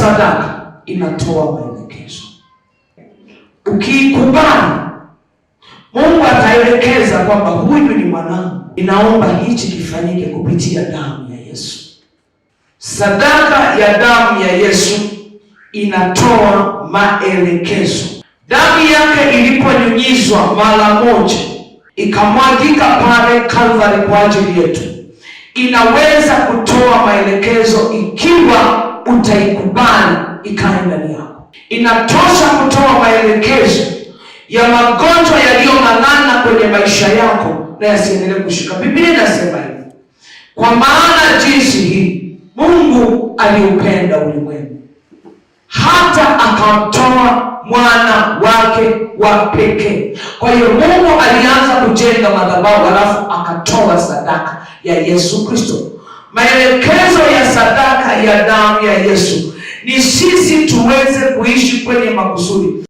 sadaka inatoa maelekezo. Ukiikubali, Mungu ataelekeza kwamba huyu ni mwanangu, inaomba hichi kifanyike kupitia damu ya Yesu. Sadaka ya damu ya Yesu inatoa maelekezo. Damu yake iliponyunyizwa mara moja ikamwagika pale Kalvari kwa ajili yetu, inaweza kutoa maelekezo hutaikubali ikae ndani yako. Inatosha kutoa maelekezo ya magonjwa yaliyong'ang'ana kwenye maisha yako na yasiendelee kushika. Biblia inasema hivi, kwa maana jinsi hii Mungu aliupenda ulimwengu hata akamtoa mwana wake wa pekee. Kwa hiyo Mungu alianza kujenga madhabahu, halafu akatoa sadaka ya Yesu Kristo, maelekezo ya ya damu ya Yesu, ni sisi tuweze kuishi kwenye makusudi.